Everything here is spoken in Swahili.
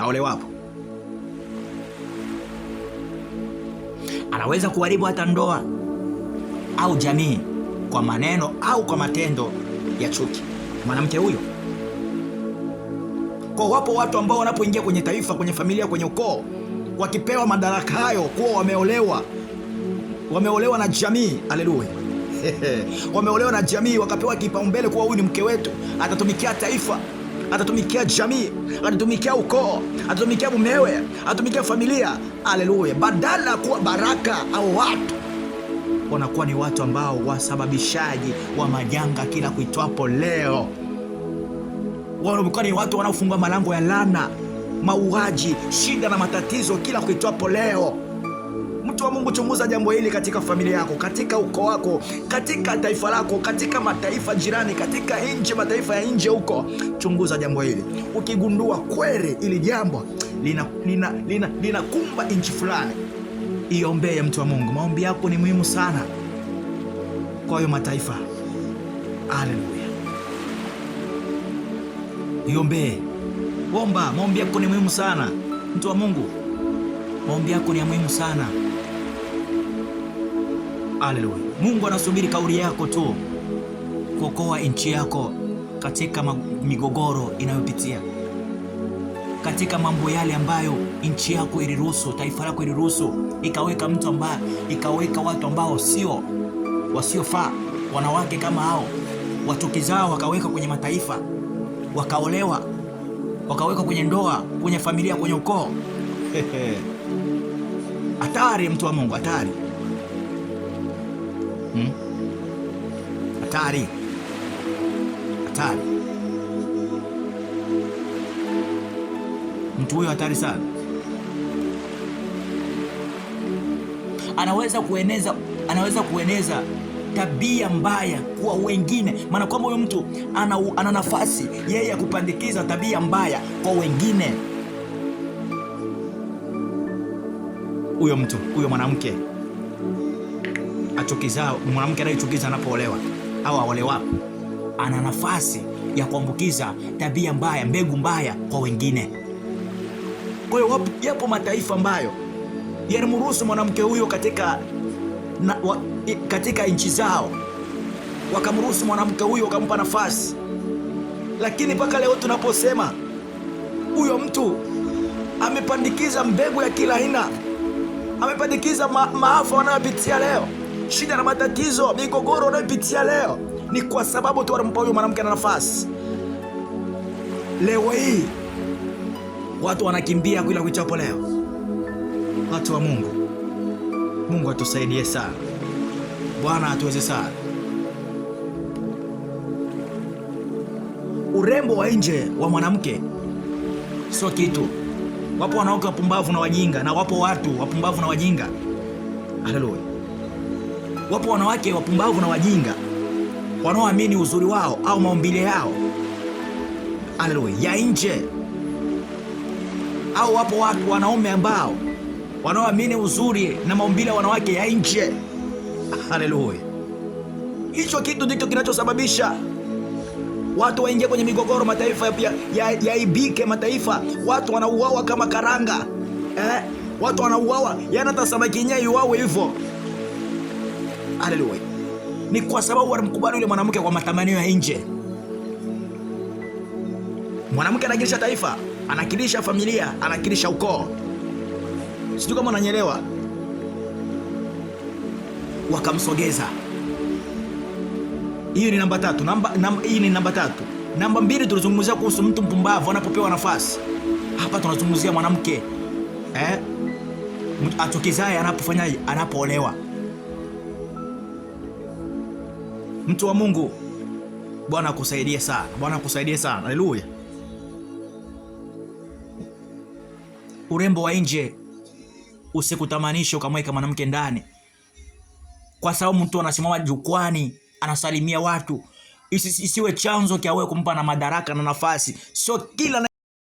aolewapo. Anaweza kuharibu hata ndoa au jamii kwa maneno au kwa matendo ya chuki mwanamke huyo. Kwa wapo watu ambao wanapoingia kwenye taifa, kwenye familia, kwenye ukoo, wakipewa madaraka hayo kuwa wameolewa, wameolewa na jamii, haleluya, wameolewa na jamii, wakapewa kipaumbele kuwa huyu ni mke wetu, atatumikia taifa atatumikia jamii, atatumikia ukoo, atatumikia mumewe, atatumikia familia. aleluya badala ya kuwa baraka au watu wanakuwa ni watu ambao wasababishaji wa majanga kila kuitwapo leo. Wanakuwa ni watu wanaofungua malango ya lana mauaji, shida na matatizo kila kuitwapo leo. Mtu wa Mungu, chunguza jambo hili katika familia yako, katika ukoo wako, katika taifa lako, katika mataifa jirani, katika nchi, mataifa ya nje huko. Chunguza jambo hili, ukigundua kweli ili jambo linakumba lina, lina, lina nchi fulani, iombee mtu wa Mungu. Maombi yako ni muhimu sana kwa hiyo mataifa. Haleluya, iombee, omba. Maombi yako ni muhimu sana, mtu wa Mungu, maombi yako ni ya muhimu sana. Haleluya. Mungu anasubiri kauli yako tu kuokoa nchi yako katika migogoro inayopitia, katika mambo yale ambayo nchi yako iliruhusu, taifa lako iliruhusu, ikaweka mtu ambaye, ikaweka watu ambao sio wasiofaa, wanawake kama hao, watoke zao wakaweka kwenye mataifa, wakaolewa, wakaweka kwenye ndoa, kwenye familia, kwenye ukoo. Hatari mtu wa Mungu, hatari. Hmm? Hatari, hatari! Mtu huyo hatari sana, anaweza kueneza, anaweza kueneza tabia mbaya kwa wengine, maana kwamba huyo mtu ana, ana nafasi yeye ya kupandikiza tabia mbaya kwa wengine. Huyo mtu huyo mwanamke achukizao mwanamke anayechukiza anapoolewa au aolewapo, ana nafasi ya kuambukiza tabia mbaya, mbegu mbaya kwa wengine. Kwa hiyo yapo mataifa ambayo yalimruhusu mwanamke huyo katika, na, wa, katika nchi zao wakamruhusu mwanamke huyo wakampa nafasi, lakini mpaka leo tunaposema huyo mtu amepandikiza mbegu ya kila aina, amepandikiza ma, maafa wanayopitia leo shida na matatizo, migogoro unayopitia leo ni kwa sababu tu wanampa huyo mwanamke na nafasi. Leo hii watu wanakimbia kuila kuchapo leo. Watu wa Mungu, Mungu atusaidie sana Bwana, atuweze sana. Urembo wa nje wa mwanamke sio kitu. Wapo wanawake wapumbavu na wajinga, na wapo watu wapumbavu na wajinga. Haleluya. Wapo wanawake wapumbavu na wajinga wanaoamini uzuri wao au maumbile yao Haleluya, ya nje, au wapo watu wanaume ambao wanaoamini uzuri na maumbile ya wanawake ya nje. Haleluya, hicho kitu ndicho kinachosababisha watu waingie kwenye migogoro, mataifa yaibike, ya, ya mataifa, watu wanauawa kama karanga eh? watu wanauawa, yani hata samaki yenyewe iuawe hivyo. Haleluya. Ni kwa sababu walimkubali yule mwanamke kwa matamanio ya nje. Mwanamke anakilisha taifa, anakilisha familia, anakilisha ukoo. Sijui kama unanyelewa. Wakamsogeza. Hiyo ni namba tatu. Namba, namba, hii ni namba tatu. Namba mbili tulizungumzia kuhusu mtu mpumbavu anapopewa nafasi. Hapa tunazungumzia mwanamke eh, atokezaye anapofanyaje? Anapoolewa. mtu wa Mungu. Bwana akusaidie sana, Bwana akusaidie sana. Haleluya. Urembo wa nje usikutamanishe ukamweka mwanamke ndani, kwa sababu mtu anasimama jukwani anasalimia watu isiwe chanzo kyawee wewe kumpa na madaraka na nafasi. Sio kila